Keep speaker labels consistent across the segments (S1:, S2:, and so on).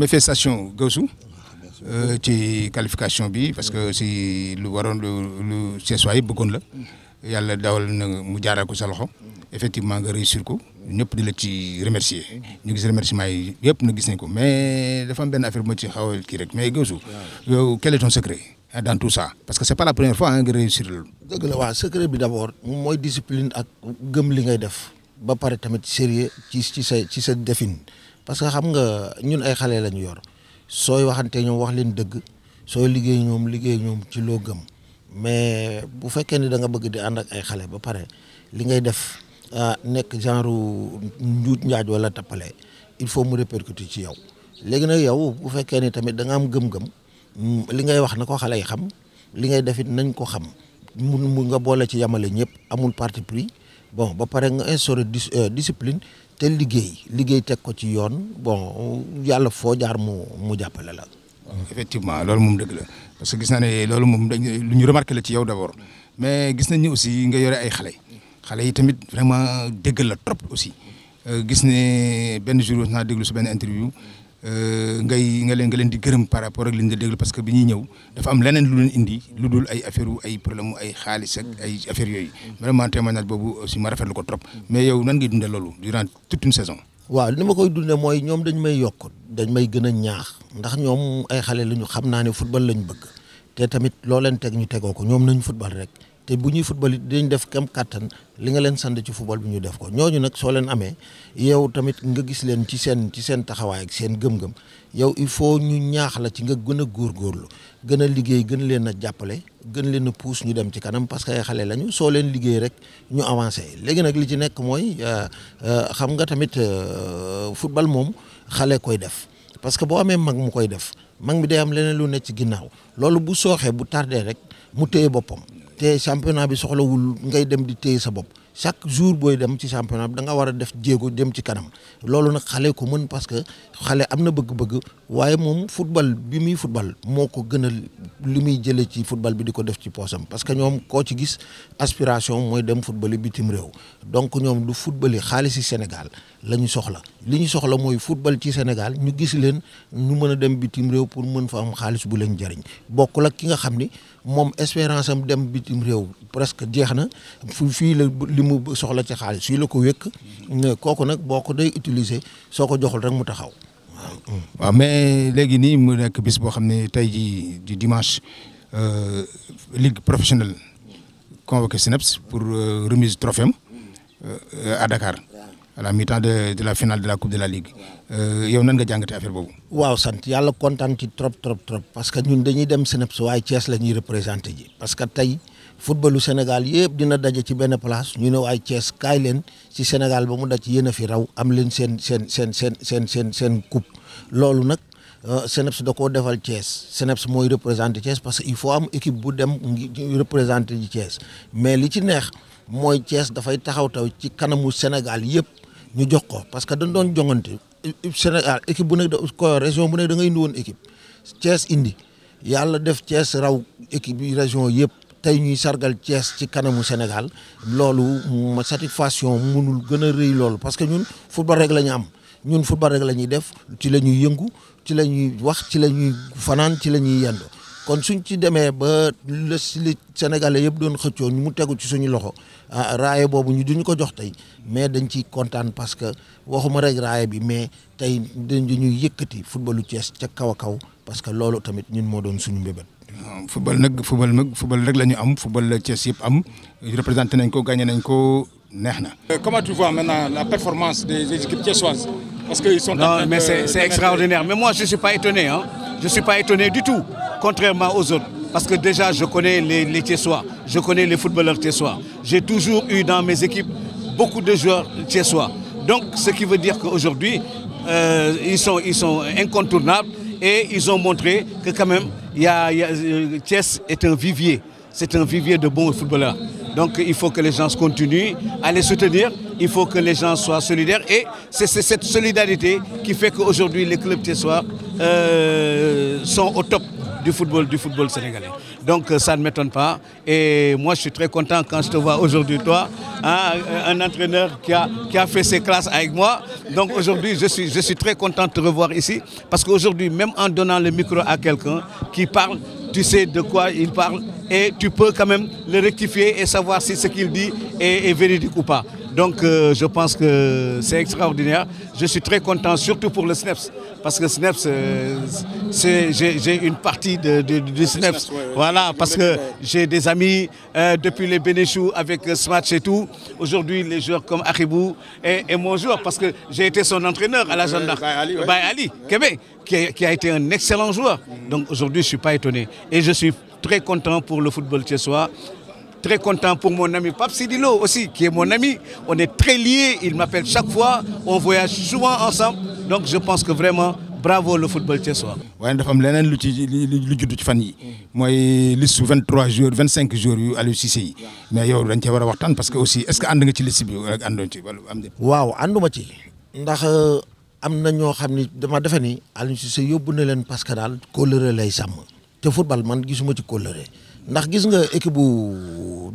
S1: Manifestation, félicitations Gawsu euh, ci qualification bi parce que si lu waroon lu lu CESA yi la yalla dawal na mu jaarale ko sa loxo effectivement nga réussir ko ñëpp di la ci remercier ñu gis remerciement yépp yëpp na gis nañ ko mais dafa am benn affaire bu ma ci xawal kii rek mais Gawsu yow quel est ton secret dans tout ça parce que c'est pas la
S2: première fois hein, nga réussir loolu. dëgg la secret bi d'abord mooy discipline ak gëm li ngay def ba pare tamit sérieux ci ci sa ci sa défine parce que xam nga ñun ay xale lañu yor sooy waxante ñoom wax leen dëgg sooy liggéey ñoom liggéey ñoom ci loo gëm mais bu fekkee ni da nga bëgg di ànd ak ay xale ba pare li ngay def ah, nekk genre njuut njaaj wala tappale il faut mu répercuter ci yow léegi nag yow bu fekkee ni tamit da nga am gëm-gëm mm, li ngay wax na ko xale yi xam li ngay def it nañ ko xam mu nga boole ci yamale ñëpp amul parti pris bon ba pare nga instaurer euh, discipline te liggéey liggéey teg ko ci yoon bon yàlla foo jaar mu mu jàppale la. effectivement loolu moom dëgg la parce que gis naa ne loolu moom dañ lu ñu
S1: remarqué la ci yow d'abord mais gis nañ ne aussi nga yore ay xale xale yi tamit vraiment déggal la trop aussi euh, gis ne benn jour naa déglu su benn interview. Euh, ngay nga leen nga leen di gërëm par rapport ak li ñu la déglu parce que bi ñuy ñëw dafa am leneen lu leen indi lu dul ay affaire ay problème ay xaalis ak ay affaires yooyu vraiment témoignage boobu aussi ma rafetlu ko trop mais yow
S2: nan ngay dundee loolu durant toute une saison. waaw li ma koy dundee mooy ñoom dañ may yokk dañ may gën a ñaax ndax ñoom ay xale la ñu xam naa ne football lañ bëgg te tamit loo leen teg ñu tegoo ko ñoom nañ football rek. te bu ñuy football it dañ def kem kàttan li nga leen sant ci football bi ñu def ko ñooñu nag soo leen amee yow tamit nga gis leen ci seen ci seen taxawaay ak seen gëm-gëm yow il faut ñu ñaax la ci nga gën a góorlu gën a liggéey gën leen a jàppale gën leen a puus ñu dem ci kanam parce que ay xale lañu soo leen liggéey rek ñu avancé léegi nag li ci nekk mooy euh, euh, xam nga tamit euh, football moom xale koy def parce que boo amee mag mu koy def mag mi day am leneen lu ne ci ginnaaw loolu bu sooxee bu tardé rek mu téye boppam. te championnat bi soxlawul ngay dem di téye sa bop chaque jour boy dem ci championnat bi da nga wara def jéego dem ci kanam loolu nak xalé ko mën parce que xalé amna bëgg-bëgg waye mom football bi muy football moko ko gën a li muy jëlee ci football bi diko def ci posam parce que ñom ko ci gis aspiration moy dem football bitim rew donc ñom du football yi xaalisi Sénégal lañu soxla liñu soxla moy football ci Sénégal ñu gis leen ñu mëna dem bitim rew pour mëna fa am xaalis bu leen jariñ bokku la ki nga xamni moom espérance am dem bitim réew presque jeex na fu fii la li mu soxla ci xaalis fii la ko wékk kooku nag day utiliser soo ko joxul rek mu taxaw waaw
S1: mais léegi nii mu nekk bis boo xam ne du jii di dimanche euh, ligue professionnelle convoqué SNEIPS pour euh, remise trophée am euh, à Dakar à la mi-temps de la finale de la coupe de la ligue euh, yow nan nga affaire bobu?
S2: waaw trop trop trop parce que nous dañuy dem Thiès la ñuy parce que football Sénégal nous dina daje ci benn place ñu ne Thiès Sénégal ba mu fi raw am leen coupe Thiès parce que faut am équipe bu dem Thiès mais li ci neex Thiès taxaw taw ci kanamu Sénégal ñu jox ko parce que dañ doon jongante Sénégal équipe bu nekk da ko région bu nekk da nga indi woon équipe indi yàlla def Thiès raw équipe yi région yëpp tey ñuy sargal Thiès ci kanamu Sénégal loolu ma satisfaction mënul gën a rëy loolu parce que ñun football rek la am ñun football rek la ñuy def ci la ñuy yëngu ci la ñuy wax ci la ñuy fanaan ci la ñuy yendo kon suñ ci demee ba le Sénégalais yëpp doon xëccoo mu tegu ci suñu loxo ah, raaye boobu ñu duñ ko jox tey mais dañ ci kontaan parce que waxuma rek raaye bi mais tey dañ ñu yëkkati footballu Thiès ca kaw a kaw parce que loolu tamit ñun moo doon suñu mbébét. football nag
S1: football nag football rek la ñu am football la Thiès yëpp am représenté nañ ko gagné nañ ko neex na. Euh, comment tu vois maintenant la performance des équipes thiessoises parce que ils sont. non mais c'est c'est extraordinaire mais moi je suis
S3: pas étonné hein je suis pas étonné du tout contrairement aux autres. Parce que déjà, je connais les, les je connais les footballeurs Tchessois. J'ai toujours eu dans mes équipes beaucoup de joueurs Tchessois. Donc, ce qui veut dire qu'aujourd'hui, euh, ils, sont, incontournables et ils ont montré que quand même, y euh, est un vivier. C'est un vivier de bons footballeurs. Donc il faut que les gens continuent à les soutenir, il faut que les gens soient solidaires et c'est cette solidarité qui fait qu'aujourd'hui les clubs tiessois euh, sont au top du football, du football sénégalais. Donc euh, ça ne m'étonne pas. Et moi, je suis très content quand je te vois aujourd'hui, toi, hein, un entraîneur qui a, fait ses classes avec moi. Donc aujourd'hui, je suis, je suis très content de te revoir ici. Parce qu'aujourd'hui, même en donnant le micro à quelqu'un qui parle, tu sais de quoi il parle et tu peux quand même le rectifier et savoir si ce qu'il dit est véridique ou pas. Donc euh, je pense que c'est extraordinaire. Je suis très content, surtout pour le SNEPS, parce que SNEPS, euh, j'ai une partie du SNEPS. Voilà, parce que j'ai des amis euh, depuis les Bénéchoux avec Smatch et tout. Aujourd'hui, les joueurs comme Aribou et, mon joueur, parce que j'ai été son entraîneur à la Ali, qui, a été un excellent joueur. Donc aujourd'hui, je ne suis pas étonné. Et je suis très content pour le football soir Très content pour mon ami Pape Sidilo aussi, qui est mon ami. On est très liés, il m'appelle chaque fois, on voyage souvent ensemble. Donc je pense que vraiment, bravo le football
S1: ce soir. Oui, dafa am leneen lu ci lu judd ci fan yi liste 23 jours 25 jours à Aliou mais yow dañ cee war a parce que aussi est-ce que ànd nga ci liste bi ak àndoon ci wala am
S2: waaw ànduma ci ndax euh, am na ñoo xam ni dama defe ni Aliou Cissé yóbbu na parce que dal colère lay sam te football man gisuma ci colère ndax gis nga équipe bu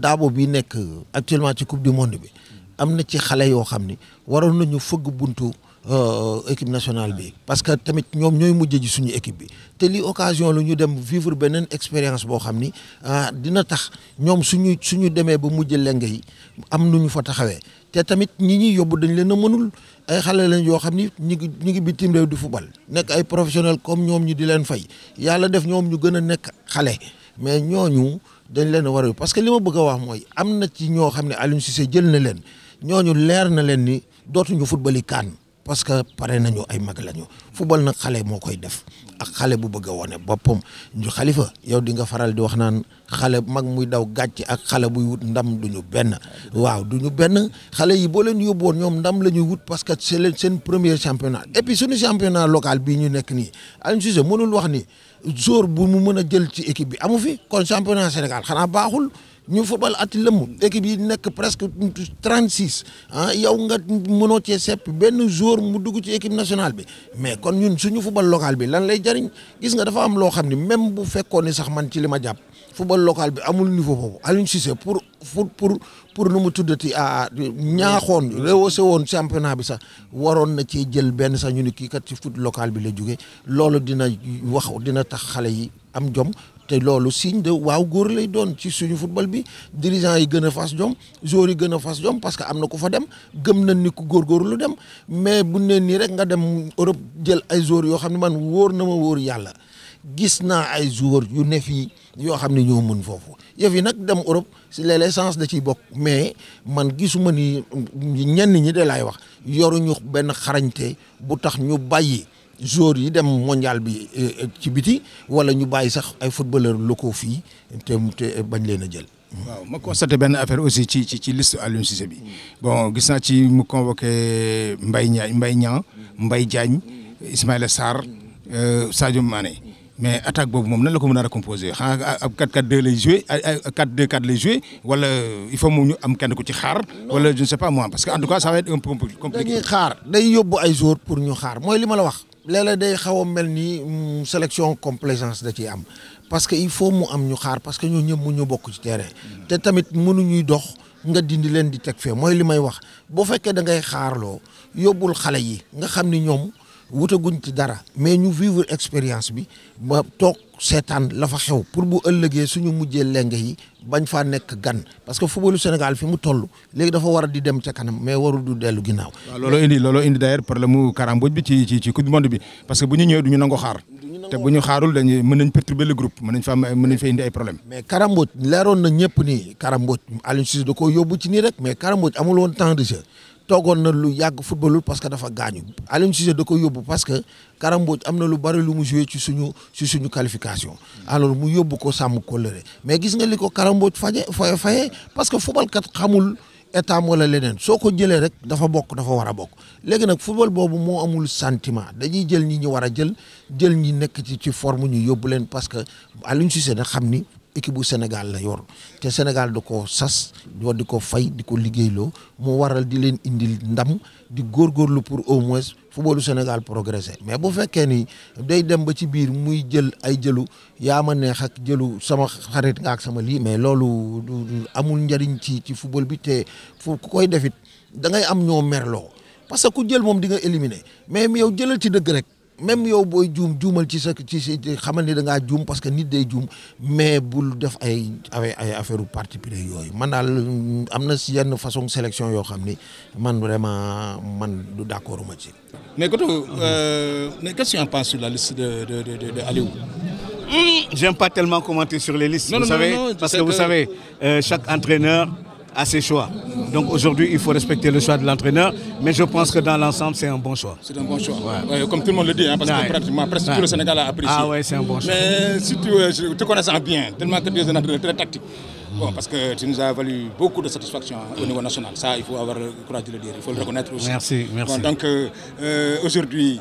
S2: Dabo bi nekk actuellement ci coupe du monde bi am na ci xale yoo xam ni waroon nañu fëgg buntu euh, équipe nationale bi parce que tamit ñoom ñooy mujj ji suñu équipe bi te lii occasion la ñu dem vivre beneen expérience boo xam ni ah, dina tax ñoom suñu suñu demee ba mujj leng yi am nu ñu fa taxawee te tamit ñi ñuy yóbbu dañ leen a mënul ay xale lañ yoo xam ni ñu ngi ñu ngi bitim réew di football nekk ay professionnel comme ñoom ñu di leen fay yàlla def ñoom ñu gën a nekk xale. mais ñooñu dañ leen a war parce que li ma bëgg a wax mooy am na ci ñoo xam ne Aliou jël na leen ñooñu leer na leen ni dootuñu football kaan parce que pare nañu ay mag lañu football na xale moo koy def ak xale bu bëgg a wane boppam ñu xalifa yow di nga faral di wax naan xale mag muy daw gàcc ak xale buy wut ndam du ñu benn waaw du ñu benn xale yi boo leen yóbboon ñoom ndam lañu wut parce que c'est seen premier championnat et puis suñu championnat local bii ñu nekk nii Aliou mënul wax ni jour bu mu mën a jël ci équipe bi amu fi kon championnat Sénégal xanaa baaxul ñu football ati lëmm équipe yi nekk presque trente six ah yow nga mënoo cee sepp benn jour mu dugg ci équipe nationale bi mais kon ñun suñu football locale bi lan lay jariñ gis nga dafa am loo xam ne même bu fekkoon ni sax man ci li ma jàpp. football local bi amul niveau boobu Aliou Cissé pour pour pour pour nu mu tuddati a ah, ah, ñaaxoon rehaussé woon championnat bi sax waroon na ci jël benn sax ñu ni kii kat ci foot local bi la jógee loolu dina wax dina tax xale yi am jom te loolu signe de waaw góor lay doon ci suñu football bi dirigeant yi gën a fas jom joueurs yi gën a fas jom parce que am na ku fa dem gëm nañ ni ku lu dem mais bu ne nii rek nga dem Europe jël ay joueurs yoo xam ne man wóor na ma wóor yàlla gis naa ay joueurs yu ne fii yoo xam ne ñoo mën foofu yëf yi nag dem Europe si léeg-léeg chance da ciy bokk mais man gisuma ni ñenn ñi de laay wax yoruñu benn xarañte bu tax ñu bàyyi joueurs yi dem mondial bi eh, ci biti wala ñu bàyyi sax ay footballeurs locaux fii te te bañ leen a jël.
S1: ma constaté benn affaire aussi ci ci ci liste Aliou bi bon gis naa ci mu convoqué Mbaye Niang Mbaye Niang Mbaye Diagne Ismaïla euh, Sadio Mané. mais attaque bobu mom nan la ko meuna recomposer xanaa ab 4-4-2 lay jouer 4-2-4 lay jouer wala il faut mu ñu am kenn ku ci xaar. wala je ne sais pas moi parce que en tout cas ça va être un
S2: peu compliqué. dañuy xaar day yobbu ay jour pour ñu xaar moy li ma la wax. léeg-léeg day xaw melni mm, sélection complaisance da ci am parce que il faut mu am ñu xaar parce que ñoo ñëpp mu ñu bokk ci terrain. te tamit ñuy dox nga dindi len di tek fe moy li may wax boo fekke da ngay xaar lo yobul xalé yi nga xamni ñom wutaguñ ci dara mais ñu vivre expérience bi ba toog seetaan la fa xew pour bu ëllëgee suñu mujjee lenge yi bañ faa nekk gan parce que footballu Sénégal fi mu toll léegi dafa war a di dem ca kanam mais warul du dellu ginnaaw. waaw looloo indi looloo indi d'ailleurs problème mu karambooj bi ci ci ci coupe du monde bi parce que bu ñu ñëwee duñu ñu xaar. te bu ñu xaarul dañuy mën nañ perturber le groupe mën nañ fa mën nañ fa indi ay problème mais karambooj leeroon na ñëpp ni karambooj Aliou Cissé da koo yóbbu ci nii rek mais karambooj amul woon temps de jeu. toogoon na lu yàgg footballul parce que dafa gaañu Aliou Cissé da ko yóbbu parce que Kara Mbodj am na lu bari lu mu joué ci suñu ci suñu qualification alors mu yóbbu ko sàmm kóllëre mais gis nga li ko Kara Mbodj faje faye faye parce que footballkat xamul état wala leneen soo ko jëlee rek dafa bokk dafa war a bokk léegi nag football boobu moo amul sentiment dañuy jël ñi ñu war a jël jël ñi nekk ci ci forme ñu yóbbu leen parce que Aliou Cissé da xam ni équipe bu Sénégal la yor te Sénégal da ko sas war di ko fay di ko liggéeyloo mu waral di leen indil ndam di góorgóorlu pour au moins footballu Sénégal progresser mais bu fekkee ni day dem ba ci biir muy jël ay jëlu yaa ma neex ak jëlu sama xarit nga ak sama lii mais loolu amul njariñ ci ci football bi te fu ku koy defit da ngay am ñoo merloo parce que ku jël moom di nga éliminer mais yow jëlal ci dëgg rek. même yow boy juum juumal ci sa ci xamal ni da nga juum parce que nit day juum mais bul def ay ay ay affaire particulier yoy man dal amna ci yenn façon sélection yo xam man vraiment man du d' ma ci.
S1: mais Koto euh mais qu'est-ce que tu en penses sur la liste de de de de, de Aliou. Mmh, j'aime pas tellement commenter sur les listes. Non, vous non, savez, non, parce que, que vous savez
S3: euh, chaque entraîneur à ses choix. Donc aujourd'hui, il faut respecter le choix de l'entraîneur, mais je pense que dans l'ensemble, c'est un bon choix. C'est un bon choix. comme tout le monde le dit, hein, parce que pratiquement presque tout le Sénégal a apprécié. Ah ouais, c'est un bon choix.
S1: Mais si tu euh, je te ça bien, tellement tu es un entraîneur très tactique. Bon, mm. parce que tu nous as valu beaucoup de satisfaction hein, au niveau national. Ça, il faut avoir le courage de le dire. Il faut le reconnaître aussi. Merci, merci. donc euh, euh, aujourd'hui,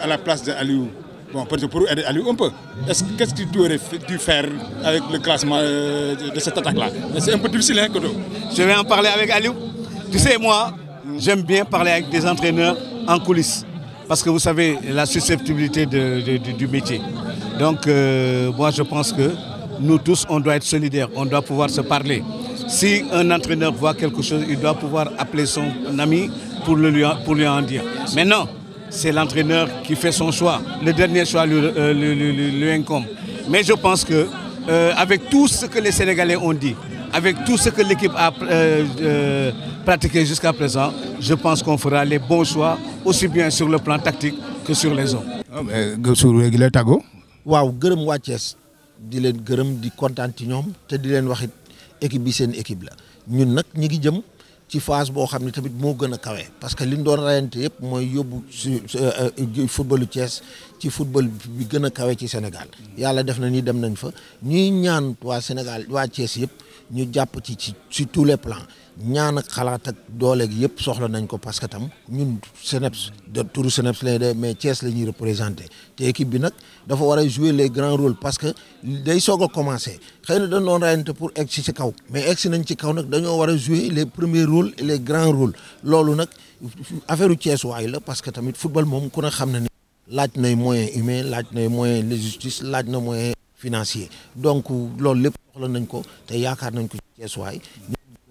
S1: à la place d'Aliou, Bon, pour aider Aliou un peu. Qu'est-ce que tu dû faire avec le classement euh, de cette attaque-là C'est un peu difficile, hein, Kodo Je vais en parler avec Aliou. Tu sais, moi,
S3: j'aime bien parler avec des entraîneurs en coulisses. Parce que vous savez, la susceptibilité du métier. Donc, euh, moi, je pense que nous tous, on doit être solidaires, on doit pouvoir se parler. Si un entraîneur voit quelque chose, il doit pouvoir appeler son ami pour, lui, pour lui en dire. Mais non, c'est l'entraîneur qui fait son choix. Le dernier choix lui, euh, incombe. Mais je pense que euh, avec tout ce que les Sénégalais ont dit, avec tout ce que l'équipe a euh, pratiqué jusqu'à présent, je pense qu'on fera les bons choix, aussi bien sur le plan tactique que sur les hommes.
S1: Sur le Tago
S2: Waouh, équipe ci phase boo xam ne tamit moo gën a kawe parce que liñ doon rayante yëpp mooy yóbbu footballu Thiès ci football bi gën a kawe ci Sénégal yàlla def na ni dem nañ fa ñuy ñaan waa Sénégal waa Thiès yëpp ñu jàpp ci ci sur tous les plans ñaan ak xalaat ak dooleeg yëpp soxla nañ ko parce que tam ñun CNEPS de turu CNEPS lay dee mais ties la ñuy représenter te équipe bi nag dafa war a jouer les grands rôles parce que day soog a commencé xëy na dañ doon rayante pour egg ci kaw mais egg si nañ ci kaw nag dañoo war a jouer les premiers rôles et les grands rôles loolu nag affaire ties waay la parce que tamit football moom ku ne xam ne ne laaj nay moyen humain laaj nay moyen de justice laaj na moyen financier donc loolu lépp soxla nañ ko te yaakaar nañ ko ci Thiès waay